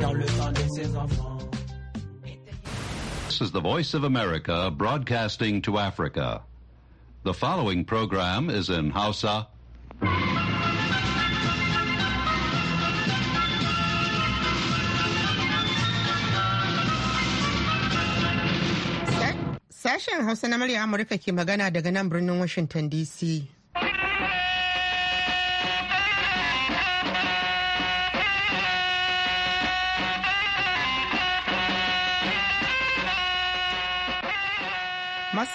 dans le temps de ses enfants. This is the Voice of America broadcasting to Africa. The following program is in Hausa. Sashen Hausa na murya Amurka ke magana daga nan birnin Washington DC.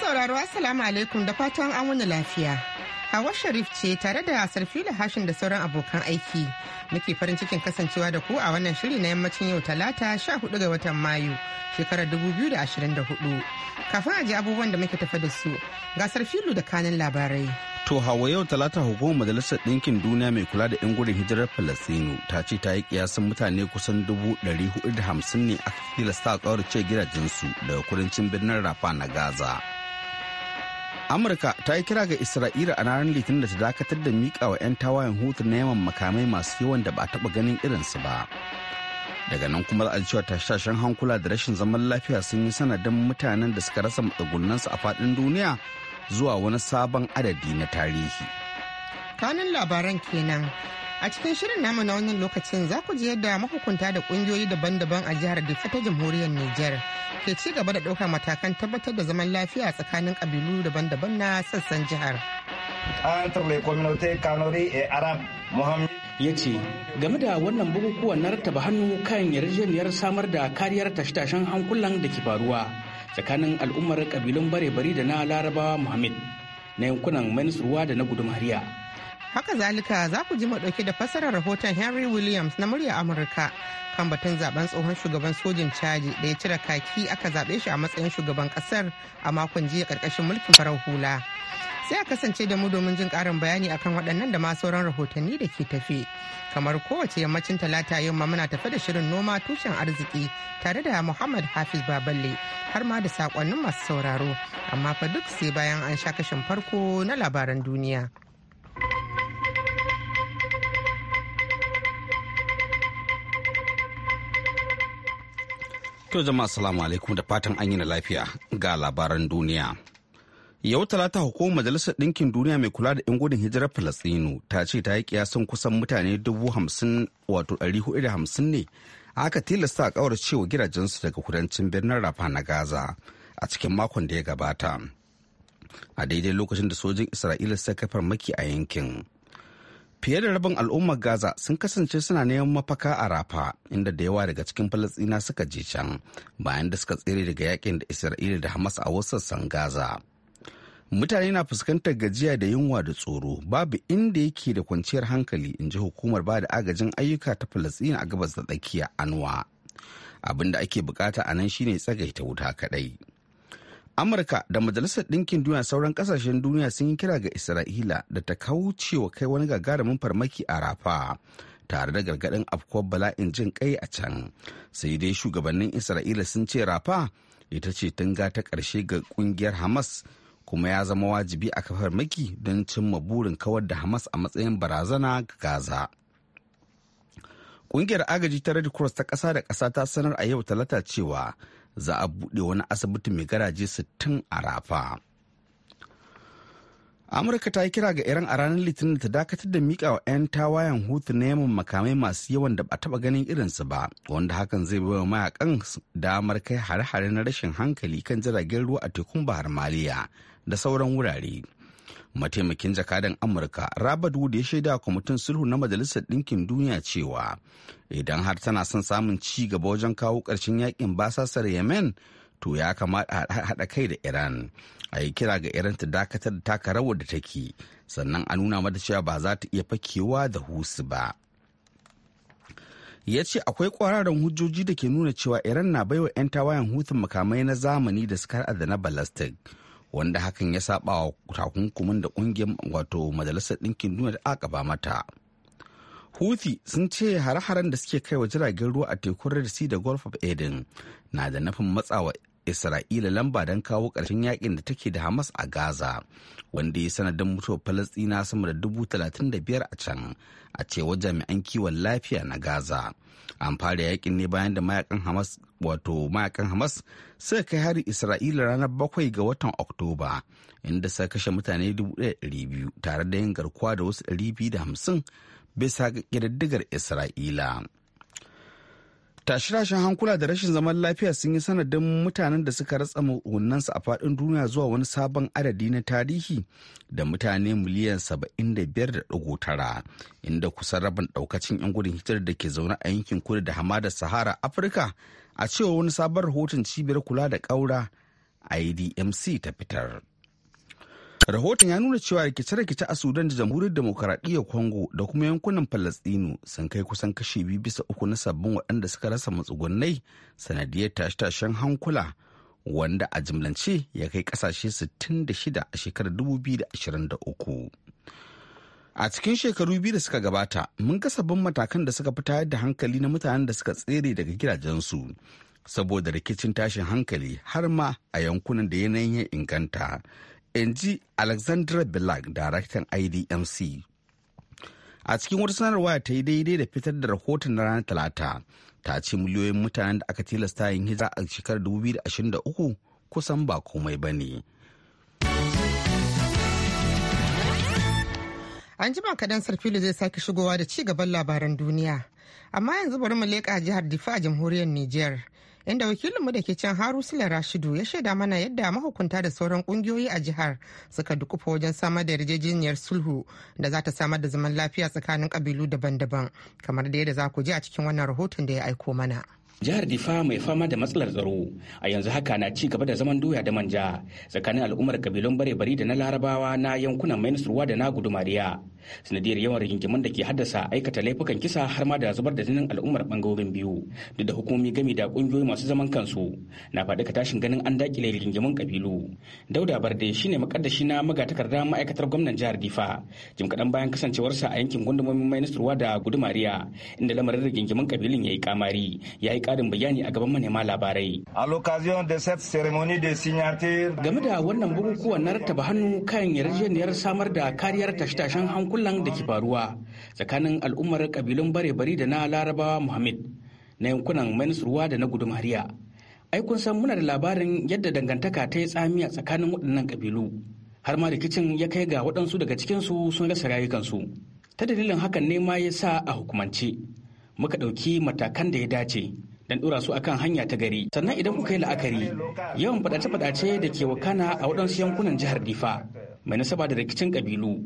sauraro Assalamu alaikum da fatan an wani lafiya. Hawa Sharif ce tare da Sarfila Hashin da sauran abokan aiki. Muke farin cikin kasancewa da ku a wannan shiri na yammacin yau talata 14 ga watan Mayu shekarar 2024. Kafin a ji abubuwan da muke tafa da su ga Sarfilu da kanin labarai. To hawa yau talata hukumar majalisar ɗinkin duniya mai kula da 'yan gudun hijirar Falastinu ta ce ta yi kiyasin mutane kusan 450 ne aka tilasta a ce gidajensu daga kudancin birnin Rafa na Gaza. amurka ta yi kira ga isra'ila a ranar litinin da ta dakatar da miƙa wa 'yan tawayen hutu na yawan makamai masu yawan da ba a taɓa ganin irinsu ba daga nan kuma za cewa tashashen hankula da rashin zaman lafiya sun yi sanadin mutanen da suka rasa su a faɗin duniya zuwa wani sabon adadi na tarihi kanin labaran kenan A cikin shirin namu na wannan lokacin za ku ji yadda mahukunta da kungiyoyi daban-daban a jihar Difa ta jamhuriyar Nijar ke ci gaba da ɗaukar matakan tabbatar da zaman lafiya tsakanin ƙabilu daban-daban na sassan jihar. Eh, ya ce game da wannan bukukuwan na rattaba hannu kan yarjejeniyar samar da kariyar tashe-tashen hankulan da ke faruwa tsakanin al'ummar kabilun bare-bari da na larabawa muhammad na yankunan manisruwa da na gudun hariya haka zalika za ku ji ɗauke da fassarar rahoton henry williams na murya amurka kan batun zaben tsohon shugaban sojin caji da ya cire kaki aka zaɓe shi a matsayin shugaban ƙasar a makon jiya ƙarƙashin mulkin farar hula sai a kasance da mu domin jin ƙarin bayani akan waɗannan da ma sauran rahotanni da ke tafe kamar kowace yammacin talata yau ma muna tafe da shirin noma tushen arziki tare da muhammad hafiz baballe har ma da saƙonnin masu sauraro amma fa duk sai bayan an sha kashin farko na labaran duniya. To jama'a salamu alaikum da fatan an yi na lafiya ga labaran duniya. Yau talata hukumar majalisar ɗinkin duniya mai kula da 'yan gudun hijirar Falastinu ta ce ta yi kiyasan kusan mutane dubu hamsin wato ɗari hudu da hamsin ne aka tilasta a ƙawar cewa gidajensu daga kudancin birnin Rafa na Gaza a cikin makon da ya gabata. A daidai lokacin da sojin Isra'ila suka kafar farmaki a yankin. fiye da rabin al'ummar gaza sun kasance suna neman mafaka a rafa inda da yawa daga cikin falastina suka je can bayan da suka tsere daga yakin da isra'ila da hamas a wasu sassan gaza mutane na fuskantar gajiya da yunwa da tsoro babu inda yake da kwanciyar hankali in ji hukumar ba da agajin ayyuka ta falastina a gabas da tsakiya anwa abin da ake bukata a nan shine tsagaita wuta kadai amurka da majalisar ɗinkin duniya sauran ƙasashen duniya sun yi kira ga isra'ila da ta kaucewa kai wani gagarumin farmaki a rafa tare da gargaɗin afkuwar bala'in jin kai a can sai dai shugabannin isra'ila sun ce rafa ita ce tunga ta ƙarshe ga ƙungiyar hamas kuma ya zama wajibi a kafar maki don cimma burin kawar da hamas a matsayin barazana ga gaza ƙungiyar agaji ta red cross ta ƙasa da ƙasa ta sanar a yau talata cewa za a buɗe wani asibiti mai garaje 60 a rafa amurka ta yi kira ga iran a ranar litinin ta dakatar da miƙa wa 'yan tawayen hutu na yamin makamai masu yawan da ba taɓa ganin irinsu ba wanda hakan zai bai wa mayakan damar kai hare-hare na rashin hankali kan jiragen ruwa a tekun bahar maliya da sauran wurare mataimakin jakadan amurka robert wood ya shaida kwamitin sulhu na majalisar ɗinkin duniya cewa idan har tana son samun ci gaba wajen kawo ƙarshen yakin basasar yemen to ya kamata haɗa kai da iran a yi kira ga iran ta dakatar da taka rawar da take sannan a nuna mata cewa ba za ta iya fakewa da husu ba ya ce akwai kwararan hujjoji da ke nuna cewa iran na baiwa 'yan tawayen hutun makamai na zamani da suka da na balastik wanda hakan ya saba wa takunkumin da kungiyar wato majalisar ɗinkin duniya da aka ba mata huthi sun ce hare-haren da suke kai wa jiragen ruwa a tekun Red Sea da Gulf of eden na da nufin matsawa Isra'ila lamba don kawo ƙarshen yakin da take da Hamas a Gaza, wanda ya sanadin mutuwar Falasɗina sama da dubu talatin da biyar a can, a cewar jami'an kiwon lafiya na Gaza. An fara yakin ne bayan da mayakan Hamas wato mayakan hamas suka kai hari isra'ila ranar bakwai ga watan oktoba inda suka kashe mutane 1,200 tare da yin garkuwa da wasu 250 bisa ga isra'ila tashi hankula da rashin zaman lafiya sun yi sanadin mutanen da suka ratsa mahunansu a fadin duniya zuwa wani sabon adadi na tarihi da mutane miliyan 75.9 inda kusan rabin ɗaukacin 'yan gudun hijirar da ke zaune a yankin kudu da hamadar sahara afirka a cewa wani sabon rahoton cibiyar kula da ƙaura idmc ta fitar rahoton ya nuna cewa rikice-rikice a sudan da jamhuriyar demokaradiyyar congo da kuma yankunan falastinu sun kai kusan kashe biyu bisa uku na sabbin waɗanda suka rasa matsugunai sanadiyar tashe-tashen hankula wanda a jimlance ya kai kasashe 66 a shekarar 2023 A cikin shekaru biyu da suka gabata, mun ga sabbin matakan da suka fi da hankali na mutanen da suka tsere daga gidajensu. Saboda rikicin tashin hankali har ma a yankunan da yanayin ya inganta. In ji Alexandra Bilak, daraktan IDMC. A cikin wata sanarwa ta yi daidai da fitar da rahoton na ranar Talata, ta ce miliyoyin mutanen da aka tilasta yin hijira a shekarar 2023 kusan ba komai ba ne. An jima kaɗan Sarfilu zai sake shigowa da ci gaban labaran duniya. Amma yanzu bari mu leƙa jihar Difa a jamhuriyar Nijar. Inda wakilinmu da ke can Harusula Rashidu ya shaida mana yadda mahukunta da sauran kungiyoyi a jihar suka dukufa wajen samar da yarjejeniyar sulhu da za ta samar da zaman lafiya tsakanin kabilu daban-daban kamar da yadda za ku ji a cikin wannan rahoton da ya aiko mana. jihar difa mai fama da matsalar tsaro a yanzu haka na ci gaba da zaman doya da manja tsakanin al'ummar kabilun bare-bari da na larabawa na yankunan mainisruwa da na gudumariya sanadiyar yawan rigingimin da ke haddasa aikata laifukan kisa har ma da zubar da jinin al'ummar bangarorin biyu duk da hukumomi gami da kungiyoyi masu zaman kansu na faɗi ka tashin ganin an dakile rigingimin kabilu dauda barde shine makaddashi na magatakarda ma'aikatar gwamnan jihar difa jim kaɗan bayan kasancewarsa a yankin gundumomin mainisturwa da gudumariya inda lamarin rigingimin kabilun ya yi kamari ya yi karin bayani a gaban manema labarai a l'occasion de cette cérémonie de signature game da wannan bukukuwan na rattaba hannu kan yarjejeniyar samar da kariyar tashe-tashen hankali kullum da ke faruwa tsakanin al'ummar kabilun bare-bari da na larabawa muhammad na yankunan ruwa da na gudun hariya ai kun san muna da labarin yadda dangantaka ta yi tsami tsakanin waɗannan kabilu har ma rikicin ya kai ga waɗansu daga cikinsu sun rasa rayukansu ta dalilin hakan ne ma ya sa a hukumance muka ɗauki matakan da ya dace don ɗora su akan hanya ta gari sannan idan kuka yi la'akari yawan faɗace-faɗace da ke wakana a waɗansu yankunan jihar difa mai nasaba da rikicin kabilu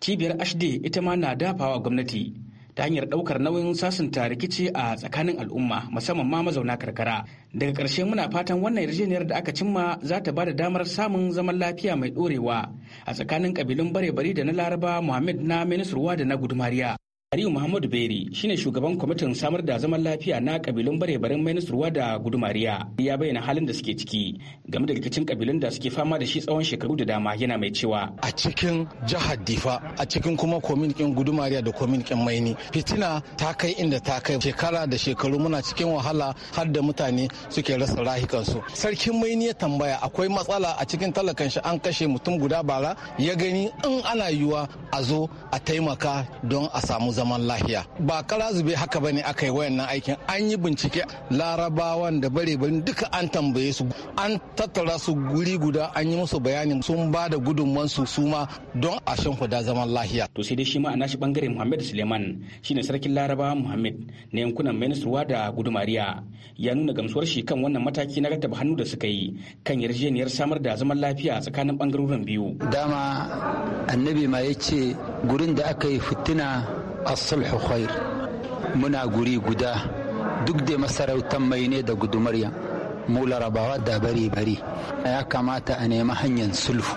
cibiyar ashde ita ma na dafawa gwamnati ta hanyar ɗaukar nauyin sasanta rikici a tsakanin al'umma musamman ma mazauna karkara daga ƙarshe muna fatan wannan yarjejeniyar da aka cimma za ta ba da damar samun zaman lafiya mai ɗorewa a tsakanin ƙabilun bare-bari da na laraba muhammad na minisruwa da na gudumariya Aliyu Muhammadu Beri shine shugaban kwamitin samar da zaman lafiya na kabilun barebarin ruwa da Gudumariya ya bayyana halin da suke ciki game da rikicin kabilun da suke fama da shi tsawon shekaru da dama yana mai cewa a cikin jihar Difa a cikin kuma kominikin Gudumariya da kominikin Maini fitina ta kai inda ta kai shekara da shekaru muna cikin wahala har da mutane suke rasa rahikansu sarkin Maini ya tambaya akwai matsala a cikin talakan shi an kashe mutum guda bara ya gani in ana yiwa a zo a taimaka don a samu zaman lafiya ba kala zube haka bane aka yi wayannan aikin an yi bincike larabawan da bare bare duka an tambaye su an tattara su guri guda an yi musu bayani sun ba da gudunman su suma don a shimfida zaman lafiya. to sai dai shi ma a nashi bangare muhammad suleiman shine sarkin larabawa muhammad na yankunan minisruwa da gudumariya ya nuna gamsuwar shi kan wannan mataki na rattaba hannu da suka yi kan yarjejeniyar samar da zaman lafiya tsakanin bangarorin biyu dama annabi ma ya ce gurin da aka yi fitina asulhu khair muna guri guda duk da masarautar mai ne da gudumarya Mula larabawa da bari bari. ya kamata a nemi hanyar sulhu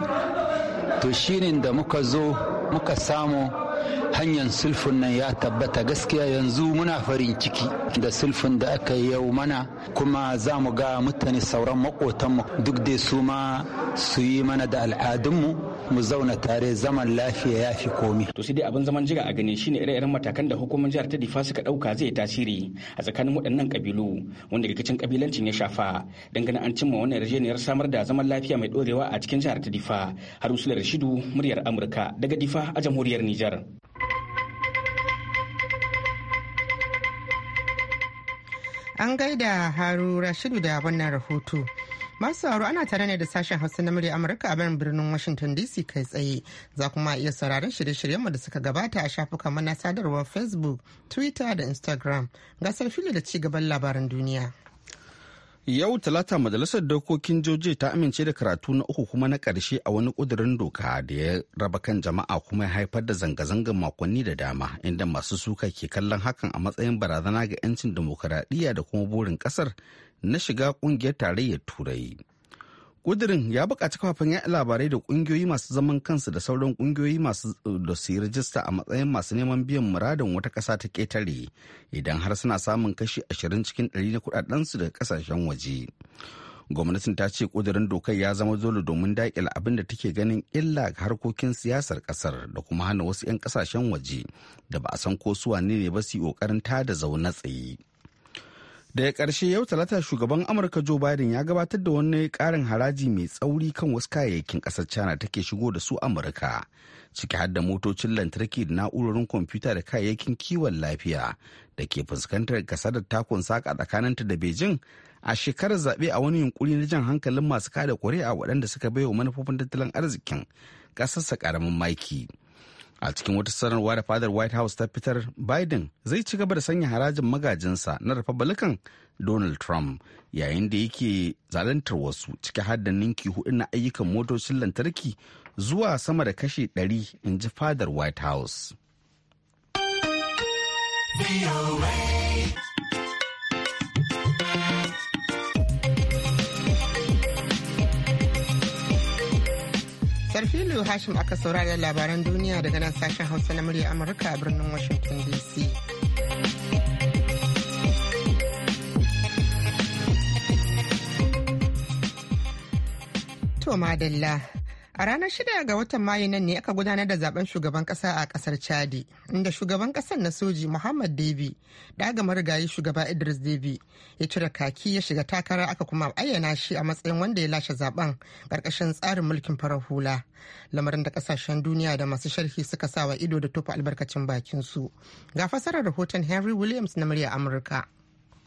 to shirin da muka zo muka samu hanyar sulfin nan ya tabbata gaskiya yanzu muna farin ciki da sulfin da aka yi yau mana kuma za mu ga mutane sauran makotanmu duk dai su ma su yi mana da al'adunmu mu zauna tare zaman lafiya ya fi komi. To sai dai abin zaman jira a gani shine ire-iren matakan da hukumar jihar ta difa suka dauka zai tasiri a tsakanin waɗannan kabilu wanda rikicin kabilancin ya shafa dangane an cimma wannan yarjejeniyar samar da zaman lafiya mai dorewa a cikin jihar ta difa. Harun Sule Rashidu muryar Amurka daga difa a jamhuriyar Nijar. An gaida Haru Rashidu da wannan rahoto. Masu sauraro ana tare ne da sashen Hausa na murya Amurka a bayan birnin Washington DC kai tsaye. Za kuma iya sauraron shirye-shiryenmu da suka gabata a shafukan mana sadarwar Facebook, Twitter da Instagram. Gasar fili da ci labaran duniya. Yau Talata Majalisar Dokokin Joji ta amince da karatu na uku kuma na ƙarshe a wani ƙudurin doka da ya raba kan jama'a kuma ya haifar da zanga-zangar makonni da dama inda masu suka ke kallon hakan a matsayin barazana ga 'yancin demokuraɗiyya da kuma burin ƙasar na shiga ƙungiyar tarayyar Turai. kudirin ya buƙaci kafafen ya labarai da ƙungiyoyi masu zaman kansu da sauran ƙungiyoyi masu eh, da su yi rajista a matsayin masu neman biyan muradin wata ƙasa ta ƙetare idan har suna samun kashi ashirin cikin ɗari na kuɗaɗensu daga kasashen waje. Gwamnatin ta ce ƙudurin dokar ya zama dole domin daƙile abin da take ganin illa ga harkokin siyasar ƙasar da kuma hana wasu 'yan kasashen waje da ba a san ko su wane ne ba su yi ƙoƙarin tada zaune tsaye. daga ƙarshe yau talata shugaban amurka joe biden ya gabatar da wani karin haraji mai tsauri kan wasu kayayyakin ƙasar china take shigo da su amurka ciki har da motocin lantarki da na'urorin kwamfuta da kayayyakin kiwon lafiya da ke fuskantar ta takun saka tsakaninta da beijing a shekarar zaɓe a wani yunkuri na jan hankalin masu kada ƙuri'a waɗanda suka baiwa manufofin tattalin arzikin ƙasarsa ƙaramin maki. a cikin wata sanarwa da fadar white house ta fitar biden zai ci gaba da sanya harajin magajinsa na republican donald trump yayin da yake zalantar wasu ciki har da ninki hudu na ayyukan motocin lantarki zuwa sama da kashe 100 in ji fadar white house Sarfilu Hashim aka saurara labaran duniya daga nan sashen Hausa na murya Amurka a birnin Washington DC. To madalla A ranar shida ga watan Mayu nan ne aka gudanar da zaben shugaban kasa a kasar Chadi, inda shugaban kasar na soji Muhammad davi daga marigayi shugaba Idris Davi, ya cire kaki ya shiga takara aka kuma ayyana shi a matsayin wanda ya lashe zaben karkashin tsarin mulkin farar hula. Lamarin da kasashen duniya da masu sharhi suka sawa ido da tofa albarkacin bakin su. Ga fasarar rahoton Henry Williams na murya Amurka.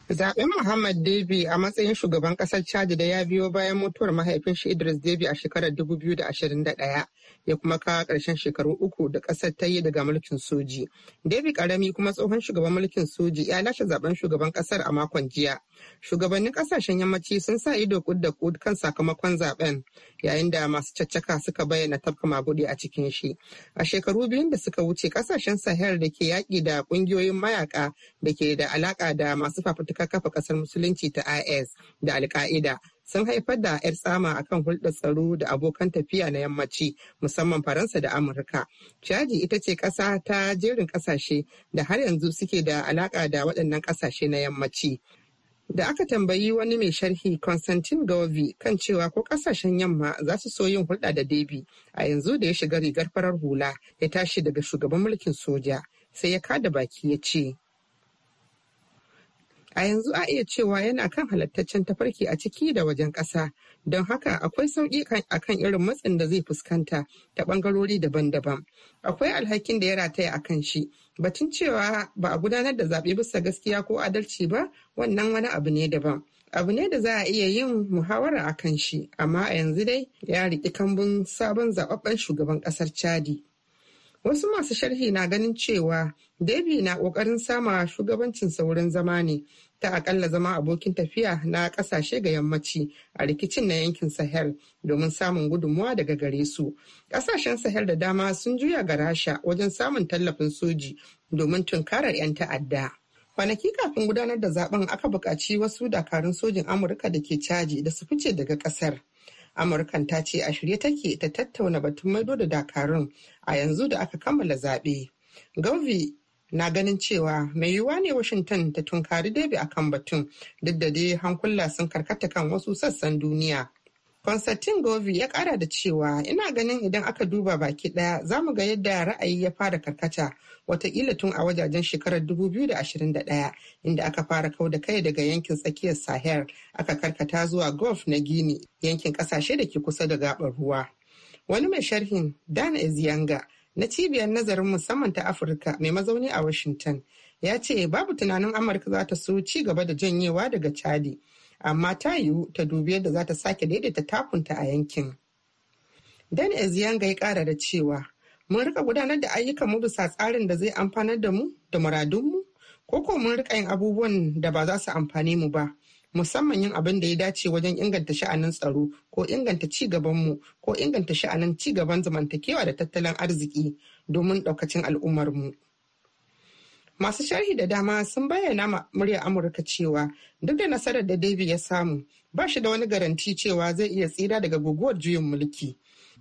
Zaɓen Muhammad Devi a matsayin shugaban ƙasar Chad da ya biyo bayan mutuwar mahaifin shi Idris Devi a shekarar 2021 ya kuma kawo ƙarshen shekaru uku da ƙasar ta yi daga mulkin soji. Devi ƙarami, kuma tsohon shugaban mulkin soji ya lashe zaɓen shugaban ƙasar a makon jiya. Shugabannin ƙasashen yammaci sun sa ido kud da kud kan sakamakon zaɓen, yayin da masu caccaka suka bayyana tafka maguɗi a cikin shi. A shekaru biyun da suka wuce ƙasashen Sahel da ke yaƙi da ƙungiyoyin mayaka da ke da alaƙa da masu fafata ta kafa ƙasar musulunci ta is da alka'ida sun haifar da 'yar tsama a kan hulɗar tsaro da abokan tafiya na yammaci musamman faransa da amurka Caji ita ce ƙasa ta jerin ƙasashe da har yanzu suke da alaƙa da waɗannan ƙasashe na yammaci da aka tambayi wani mai sharhi Constantine Govi kan cewa ko kasashen yamma za su so yin hulɗa da Debi a yanzu da ya shiga rigar farar hula ya tashi daga shugaban mulkin soja sai ya kada baki ya ce. a yanzu a iya cewa yana kan halattaccen tafarki a ciki da wajen ƙasa don haka akwai sauƙi a kan irin matsin da zai fuskanta ta ɓangarori daban-daban akwai alhakin da ya rataya a kan shi batun cewa ba a gudanar da zaɓe bisa gaskiya ko adalci ba wannan wani abu ne daban abu ne da za a iya yin muhawara a kan shi amma a yanzu dai ya riƙi kambun sabon zaɓaɓɓen shugaban ƙasar chadi Wasu masu sharhi na ganin cewa debi na ƙoƙarin sama shugabancin sauran zama ne ta akalla zama abokin tafiya na ƙasashe ga yammaci a rikicin na yankin Sahel domin samun gudunmuwa daga gare su. Ƙasashen Sahel da dama sun juya ga Rasha wajen samun tallafin soji domin tunkarar 'yan ta'adda. kwanaki kafin gudanar da zaben aka buƙaci wasu dakarun sojin amurka da ke caji da su fice daga ƙasar amurkan ta ce a shirye take ta tattauna batun maido da dakarun a yanzu da aka kammala zaɓe gauvi na ganin cewa mai yiwuwa ne washington ta tunkari daidai akan batun duk da dai hankula sun karkata kan wasu sassan duniya Konstantin Govi ya kara da cewa ina ganin idan aka duba baki daya za mu ga yadda ra'ayi ya fara karkata watakila tun a wajajen shekarar 2021 inda aka fara kau da kai daga yankin tsakiyar Sahel aka karkata zuwa Gulf na gini yankin kasashe da ke kusa da gabar ruwa. Wani mai sharhin Dan Eziyanga na cibiyar nazarin musamman ta Afirka mai mazauni a Washington ya ce babu tunanin Amurka za ta so ci gaba da janyewa daga Chadi. amma ta yiwu ta dubi yadda za ta sake daidaita takunta a yankin. Dan Eziyanga ya kara da cewa mun rika gudanar da ayyukan mu bisa tsarin da zai amfanar da mu da muradunmu ko ko mun rika yin abubuwan da ba za su amfane mu ba musamman yin abin da ya dace wajen inganta sha'anin tsaro ko inganta ci gabanmu ko inganta sha'anin ci gaban zamantakewa da tattalin arziki domin ɗaukacin al'ummar mu. masu sharhi da dama sun bayyana murya amurka cewa duk da nasarar da david ya samu ba shi da wani garanti cewa zai iya tsira daga guguwar juyin mulki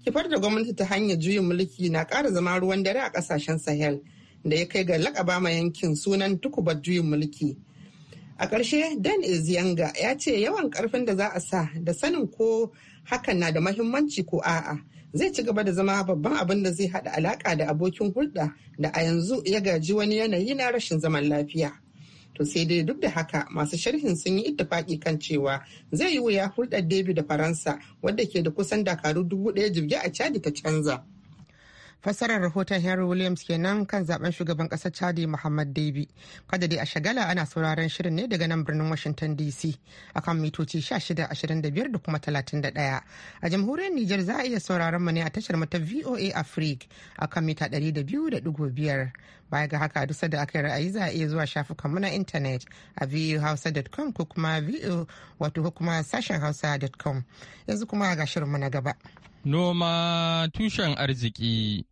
kifar da gwamnati ta hanyar juyin mulki na ƙara zama ruwan dare a ƙasashen sahel da ya kai ga lakaba ma yankin sunan tukubar juyin mulki a ƙarshe dan eziyanga ya ce yawan ƙarfin da za a sa da sanin ko hakan na da mahimmanci ko a'a zai ci gaba da zama babban abin da zai haɗa alaƙa da abokin hulɗa da a yanzu ya gaji wani yanayi na rashin zaman lafiya. To sai dai duk da haka masu sharhin sun yi ittifaki kan cewa zai yi wuya hulɗar David da Faransa wadda ke da kusan dakaru dubu ɗaya jirgi a Chad ta canza. fassarar rahoton henry williams kenan kan zaben shugaban kasar chadi muhammad davi kada dai a shagala ana sauraron shirin ne daga nan birnin washington dc akan mitoci 1625 da kuma 31 a jamhuriyar niger za a iya sauraron mu ne a tashar mata voa africa akan mita 200.5 baya ga haka duk da aka yi ra'ayi za a iya zuwa shafukan mu na intanet a vohausa.com ko kuma vo wato kuma sashen hausa.com yanzu kuma ga shirin mu na gaba. Noma tushen arziki.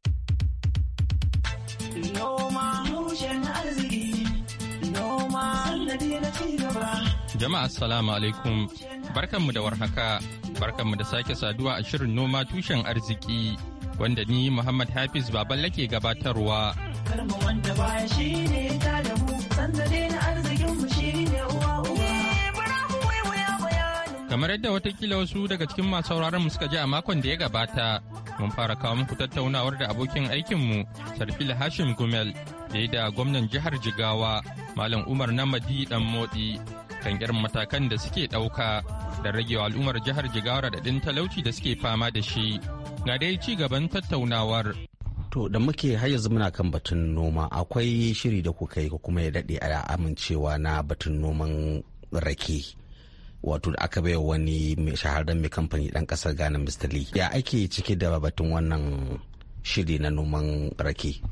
Noma tushen arziki. Noma sannadi na cigaba. Jama'a assalamu alaikum. Barkanmu da warhaka. Barkanmu da sake saduwa a shirin noma tushen arziki. Wanda ni Muhammad Hafiz Baballe ke gabatarwa. Karma wanda baya shi ne ta da mu, sannadi na arzikinmu shi ne uwa Kamar yadda watakila wasu daga cikin masu sauraron suka ji a makon da ya gabata, mun fara kawo muku tattaunawar da abokin aikinmu, Sarfil Hashim Gumel, da da gwamnan jihar Jigawa, Malam Umar Namadi Dan Motsi, kan irin matakan da suke ɗauka da ragewa al'ummar jihar Jigawa da ɗin talauci da suke fama da shi. Ga dai ci gaban tattaunawar. To da muke har muna kan batun noma akwai shiri da kuka yi ko kuma ya daɗe a amincewa na batun noman rake wato da aka baiwa wani shahararren mai kamfani dan kasar ghana mr lee ya ake cike da batun wannan shiri na noman rake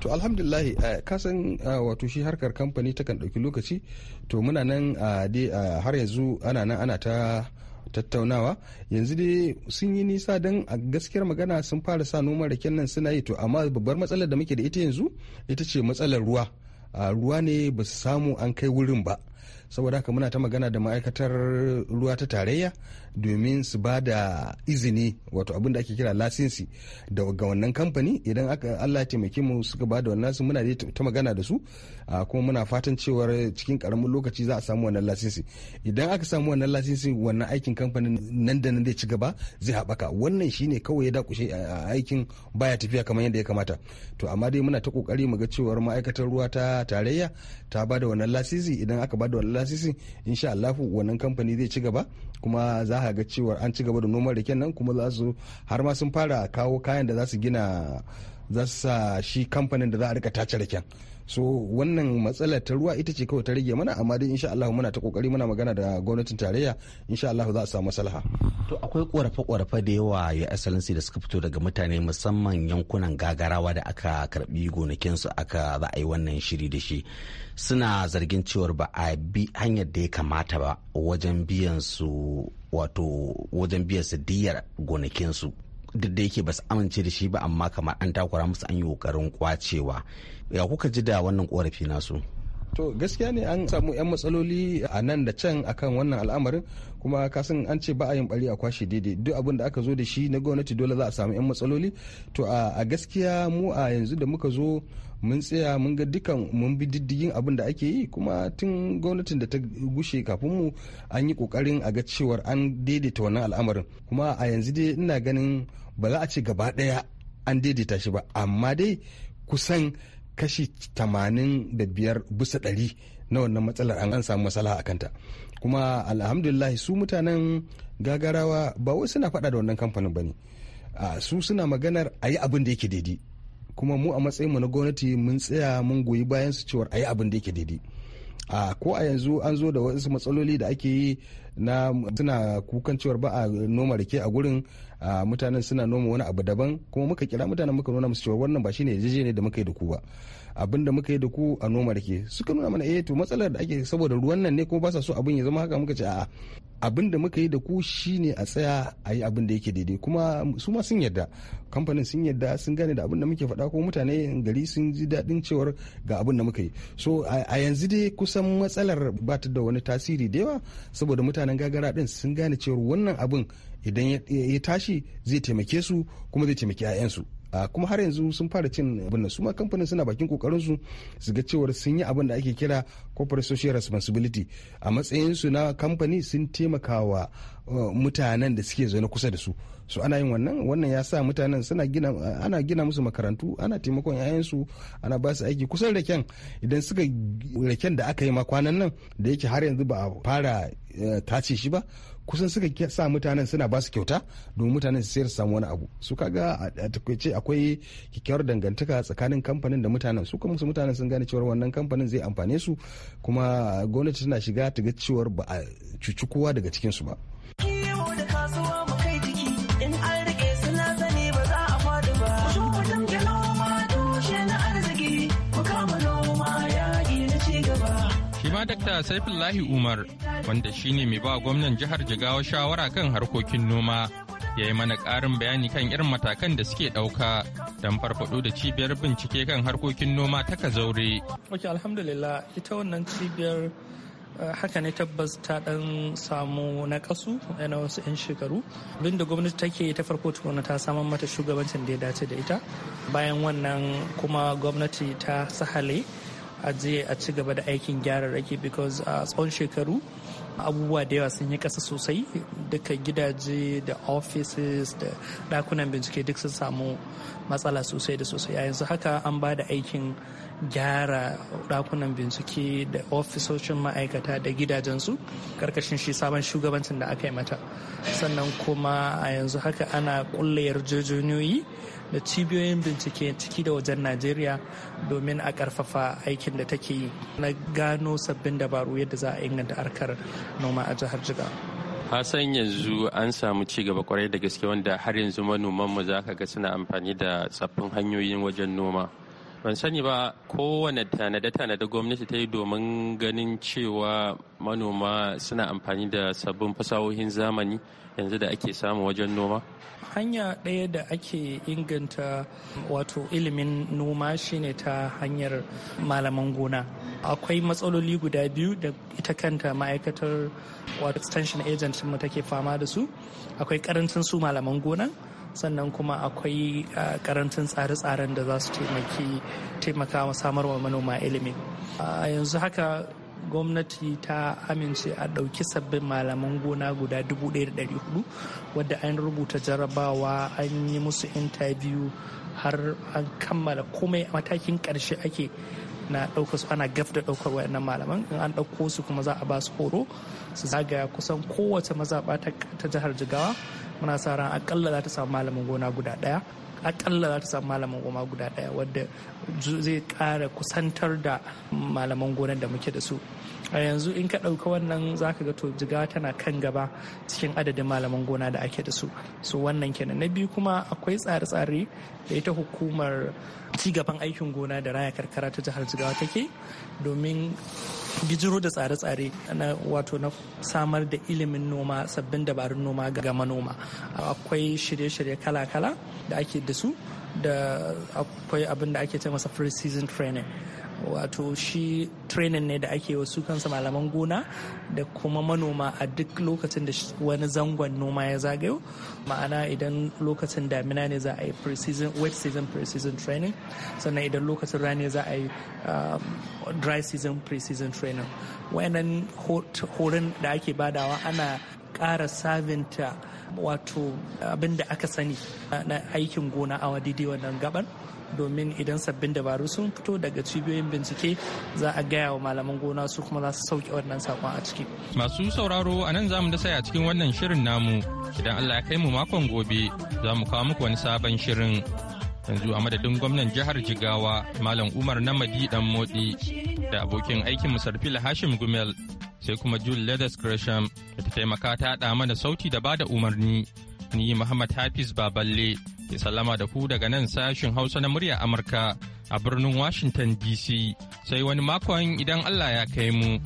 to alhamdulillahi eh, kasan eh, wato shi harkar kamfani ta kan ɗauki lokaci to muna nan eh, har yanzu ana nan ana ta tattaunawa yanzu dai sun yi nisa don a gaskiyar magana sun fara sa noman raken nan suna yi to amma babbar matsalar da muke da ita yanzu ita ce matsalar ruwa ah, ruwa ne ba su samu an kai wurin ba saboda haka muna ta magana da ma'aikatar ruwa ta tarayya domin su ba da izini wato abin da ake kira lasinsi da ga wannan kamfani idan aka allah taimake mu suka ba da wannan muna ta magana da su kuma muna fatan cewar cikin karamin lokaci za a samu wannan lasinsi idan aka samu wannan lasinsi wannan aikin kamfanin nan da nan zai ci gaba zai haɓaka wannan shine kawai ya dakushe aikin baya tafiya kamar yadda ya kamata to amma dai muna ta kokari mu ga cewar ma'aikatar ruwa ta tarayya ta ba da wannan lasinsi idan aka ba da wannan lasisi insha Allah wannan kamfani zai ci gaba kuma za a ga cewa an ci gaba da noman raken nan kuma za su har ma sun fara kawo kayan da za su gina za su sa shi kamfanin da za a rika tace raken so wannan matsalar ta ruwa ita ce kawai ta rage mana amma dai insha Allah muna ta kokari muna magana da gwamnatin tarayya insha Allah za a samu maslaha to akwai korafe korafe da yawa ya asalinsu da suka fito daga mutane musamman yankunan gagarawa da aka karbi gonakin su aka za a yi wannan shiri da shi suna zargin cewar ba a bi hanyar da ya kamata ba wajen biyan su wato wajen biyan su diyar gonakin su duk da yake ba su amince da shi ba amma kamar an takura musu an yi kokarin kwacewa ya kuka ji da wannan korafi nasu to gaskiya ne an samu 'yan matsaloli a nan da can akan wannan al'amarin kuma kasan an ce ba a yin bari a kwashe daidai duk abin da aka zo da shi na gwamnati dole za a samu 'yan matsaloli to a gaskiya mu a yanzu da muka zo mun tsaya mun ga dukan mun bi diddigin abin da ake yi kuma tun gwamnatin da ta gushe kafin mu an yi kokarin a ga cewar an daidaita wannan al'amarin kuma a yanzu dai ina ganin ba za a ce gaba daya an daidaita shi ba amma dai kusan kashi tamanin da 85 bisa ɗari na wannan matsalar an samu matsala a kanta kuma alhamdulillah su mutanen gagarawa ba wai suna faɗa da wannan kamfanin ba ne su suna maganar a yi abin da yake daidai kuma mu a matsayin mu na gwamnati mun tsaya mun goyi bayan su cewar ayi abin da yake daidai a ko a yanzu an zo da wasu matsaloli da ake yi na suna kukan cewar ba a noma rake a gurin mutanen suna noma wani abu daban kuma muka kira mutanen muka nuna musu cewa wannan ba shine ne da muka yi da ku ba abin da muka yi da ku a noma rake suka nuna mana eh to matsalar da ake saboda ruwan nan ne kuma ba sa so abin ya zama haka muka ce a'a abin da muka yi da ku shine a tsaya a yi abin da yake daidai kuma su ma sun yadda kamfanin sun yadda sun gane da abin da muke faɗa ko mutane gari sun ji daɗin cewar ga abin da muka yi so a yanzu dai kusan matsalar ba ta da wani tasiri da yawa saboda mutanen gagara ɗin sun gane cewar wannan abin idan ya tashi zai taimake su kuma zai taimaki 'ya'yansu Ah, kuma har yanzu sun fara cin abin da su ma kamfanin suna bakin kokarin su su ga cewar sun yi abin da ake kira corporate social responsibility a matsayin su na kamfani sun taimakawa uh, mutanen da suke zaune kusa da su so ana yin wannan wannan ya sa mutanen suna gina ana gina musu makarantu ana taimakon yayansu ana ba su aiki kusan raken idan suka raken da aka yi ma kwanan nan da yake har yanzu ba a fara uh, tace shi ba kusan suka sa mutanen suna ba su kyauta domin mutanen su sayar samu wani abu su kaga a takaice akwai kyakkyawar dangantaka tsakanin kamfanin da mutanen su kuma mutanen sun gane cewar wannan kamfanin zai amfane su kuma gwamnati tana shiga ta ga cewar ba a cuci kowa daga cikin su ba sai Saifullahi Umar wanda shi ne mai ba gwamnan jihar Jigawa shawara kan harkokin noma ya yi mana ƙarin bayani kan irin matakan da suke ɗauka don farfaɗo da cibiyar bincike kan harkokin noma ta zaure. Ok, alhamdulillah ita wannan cibiyar eh, haka ne tabbas ta ɗan samu na kasu na wasu 'yan shekaru abinda gwamnati take ta farko tukuna ta saman mata shugabancin da ya dace da ita bayan wannan kuma gwamnati ta sahale a je a ci gaba da aikin gyara rake because a tsawon shekaru abubuwa da yawa sun yi ƙasa sosai duka gidaje da offices da ɗakunan bincike duk sun samu matsala sosai da sosai a yanzu haka an ba da aikin gyara ɗakunan bincike da ofisoshin ma'aikata da gidajensu karkashin shi sabon shugabancin da aka yi mata sannan kuma a yanzu haka ana ƙulla yarjejeniyoyi da cibiyoyin bincike ciki da wajen najeriya domin a karfafa aikin da take yi na gano sabbin dabaru yadda za a inganta harkar noma a jihar jiga Hassan yanzu an samu ci gaba kwarai da gaske wanda har yanzu manoman mu za ka ga suna amfani da tsaffin hanyoyin wajen noma. ban sani ba kowane tanade-tanade gwamnati ta yi domin ganin cewa manoma suna amfani da sabbin fasahohin zamani yanzu da ake samu wajen noma hanya ɗaya da ake inganta wato ilimin noma shine ta hanyar malaman gona akwai matsaloli guda biyu da ita kanta ma'aikatar wato extension agent mu take fama da su akwai karancin su malaman gona sannan kuma akwai karancin tsare-tsaren da za su taimaki taimaka wa manoma ilimi yanzu haka gwamnati ta amince a ɗauki sabbin malaman gona guda 1,400 wadda an rubuta jarabawa an yi musu intabiyu har an kammala komai a matakin ƙarshe ake na ɗaukar su ana gaf da ɗaukar wayannan malaman in an ɗauko su kuma za a ba su horo su zagaya kusan kowace mazaɓa ta jihar jigawa muna sa ran akalla za ta samu malamin gona guda ɗaya akalla za ta samu malamin goma guda daya wadda zai kara kusantar da malaman gonar da muke da su a yanzu in ka ɗauka wannan za ka ga to jiga tana kan gaba cikin adadin malaman gona da ake da su so wannan kenan na biyu kuma akwai tsare-tsare da ita hukumar cigaban aikin gona da raya karkara ta jihar jigawa take domin bijiro da tsare-tsare na wato na samar da ilimin noma sabbin dabarun noma ga manoma akwai shirye-shirye kala-kala da ake da su da akwai abin da ake ce masa free season training wato shi training ne da ake wasu kansa malaman gona da kuma manoma a duk lokacin da wani zangon noma ya zagayo ma'ana idan lokacin damina ne za a yi wet season pre-season training sannan idan lokacin rani za a yi um, dry season pre-season training wayannan horin da ake badawa ana ƙara sabinta wato abin da aka sani na aikin gona a wadidi wannan gaban domin idan sabbin dabaru sun fito daga cibiyoyin bincike za a gaya wa malaman gona su kuma za su sauke wannan sakon a ciki. Masu sauraro a nan zamu mu dasa a cikin wannan shirin namu idan Allah ya kai mu makon gobe za mu kawo muku wani sabon shirin. Yanzu a madadin gwamnan jihar Jigawa Malam Umar Namadi Dan Motsi da abokin aikin Sarfil Hashim Gumel sai kuma Jul Leathers Gresham da ta taimaka ta haɗa mana sauti da bada umarni. Ni Muhammad Hafiz Baballe ke sallama da ku daga nan sashin Hausa na murya Amurka a birnin Washington DC sai wani makon idan Allah ya kai mu.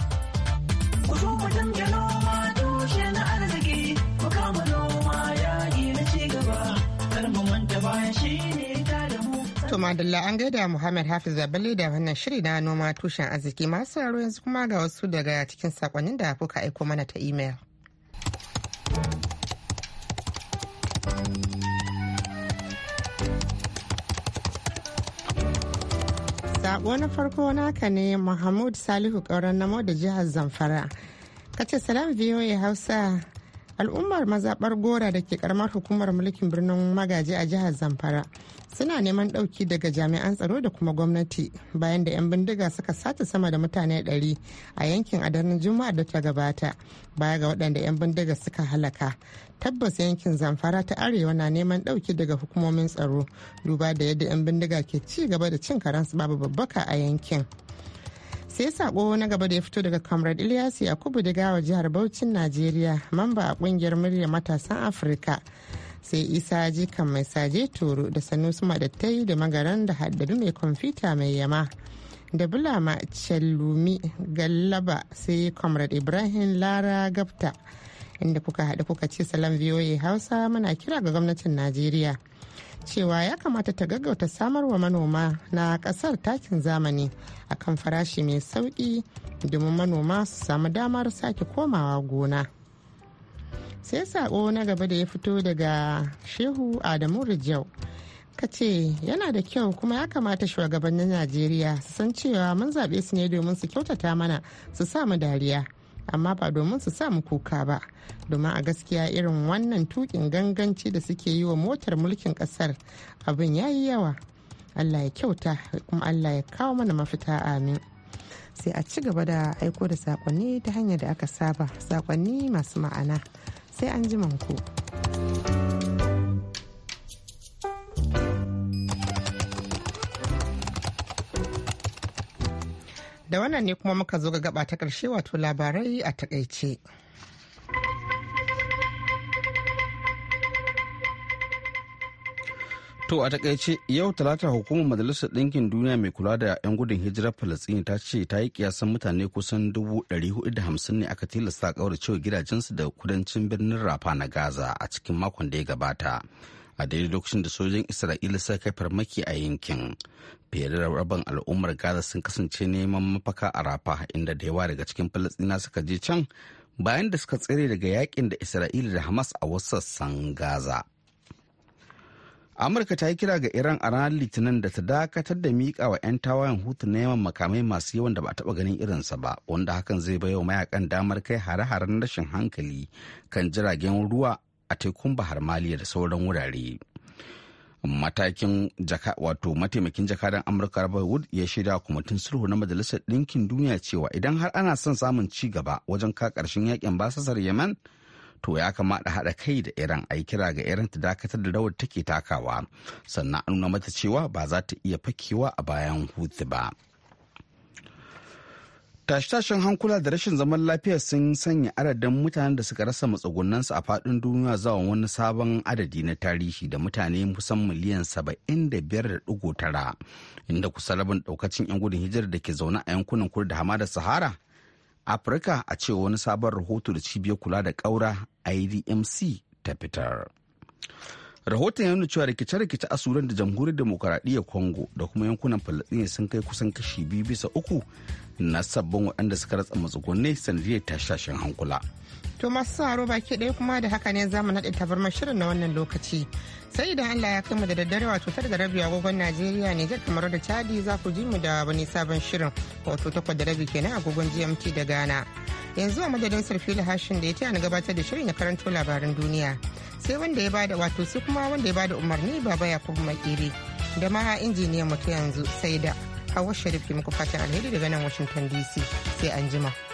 Madalla an gaida Muhammad Hafiz Baballe da wannan shiri na noma tushen arziki masu yaro yanzu kuma ga wasu daga cikin sakonnin da kuka aiko mana ta imel. farko na farko naka ne mahmud salihu kauran namo da jihar zamfara kace ce salam voa hausa al'ummar mazaɓar gora da ke karamar hukumar mulkin birnin magaji a jihar zamfara suna neman ɗauki daga jami'an tsaro da kuma gwamnati bayan da 'yan bindiga suka sace sama da mutane 100 a yankin adanin juma'ar da ta gabata baya ga waɗanda 'yan bindiga suka halaka tabbas yankin zamfara ta arewa na neman ɗauki daga hukumomin tsaro duba da yadda 'yan bindiga ke ci gaba da cin karansu babu babbaka a yankin sai sako na gaba da ya fito daga comrade ilyas yakubu da gawa jihar Bauchin najeriya mamba a kungiyar murya matasan afirka sai isa jikan mai saje toro da sanusi madattai da magaran da haddadu mai kwamfuta mai yama da bulama cellumi gallaba sai comrade ibrahim lara gabta inda kuka haɗu kuka ce salam voa hausa muna kira ga gwamnatin najeriya cewa ya kamata ta gaggauta samar wa manoma na ƙasar takin zamani akan farashi mai sauƙi domin manoma su samu damar sake komawa gona sai saƙo na gaba da ya fito daga shehu adamu rijau ka ce yana da kyau kuma ya kamata shugabannin najeriya su san cewa mun zaɓe su ne domin su kyautata mana su samu dariya amma ba domin su samu kuka ba domin a gaskiya irin wannan tukin ganganci da suke yi wa motar mulkin kasar abin ya yi yawa allah ya kyauta kuma allah ya kawo mana mafita amin sai a ci gaba da aiko da sakonni ta hanyar da aka saba sakonni masu ma'ana sai an ji manku. ku da wannan ne kuma muka zo ga gaba ta ƙarshe wato labarai a takaice. To a takaice yau talata hukumar majalisar ɗinkin duniya mai kula da 'yan gudun hijirar Falasɗini ta ce ta yi kiyasan mutane kusan 450 ne aka tilasta kawar cewa gidajensu da kudancin birnin Rafa na Gaza a cikin makon da ya gabata. a daidai lokacin da sojojin isra'ila suka kai farmaki a yankin fiye da rabin al'ummar gaza sun kasance neman mafaka a rafa inda da yawa daga cikin falastina suka je can bayan da suka tsere daga yakin da isra'ila da hamas a wasu sassan gaza amurka ta yi kira ga iran a ranar litinin da ta dakatar da miƙa wa 'yan tawayen hutu na yawan makamai masu yawan da ba a taɓa ganin irinsa ba wanda hakan zai bai mayakan damar kai hare-haren rashin hankali kan jiragen ruwa a tekun bahar maliya da sauran wurare matakin jaka wato mataimakin jakadan amurka robert wood ya shaida kwamitin sulhu na majalisar ɗinkin duniya cewa idan har ana son samun ci gaba wajen ka ƙarshen yakin basasar yemen to ya kamata haɗa kai da iran a yi kira ga iran ta dakatar da rawar take takawa sannan an nuna mata cewa ba za ta iya fakewa a bayan hutu ba. tashe-tashen hankula da rashin zaman lafiya sun sanya adadin mutanen da suka rasa matsugunansu a faɗin duniya zuwa wani sabon adadi na tarihi da mutane kusan miliyan 75.9 inda kusa rabin daukacin 'yan gudun hijira da ke zaune a yankunan kudu da hamadar sahara afirka a cewa wani sabon rahoto da cibiyar kula da ƙaura idmc ta fitar rahoton ya nuna cewa rikice-rikice a sudan da jamhuriyar demokaradiyyar congo da kuma yankunan falasɗin sun kai kusan kashi biyu bisa uku na sabbin waɗanda suka ratsa matsugunne sanadiyar tashashen hankula. To masu saro baki ɗaya kuma da haka ne zamu naɗe tabarmar shirin na wannan lokaci. Sai idan Allah ya kai mu da daddare wato tare da rabi agogon Najeriya ne jar kamar da Chadi za ku ji mu da wani sabon shirin wato takwas da rabi kenan agogon GMT da Ghana. Yanzu a madadin Sarfila Hashin da ya taya gabatar da shirin na karanto labaran duniya. Sai wanda ya bada wato sai kuma wanda ya bada umarni baba ya kuma makiri da ma injiniyan mutu yanzu sai da. hawa sharif ke muku fatan alheri daga nan washington dc sai an jima.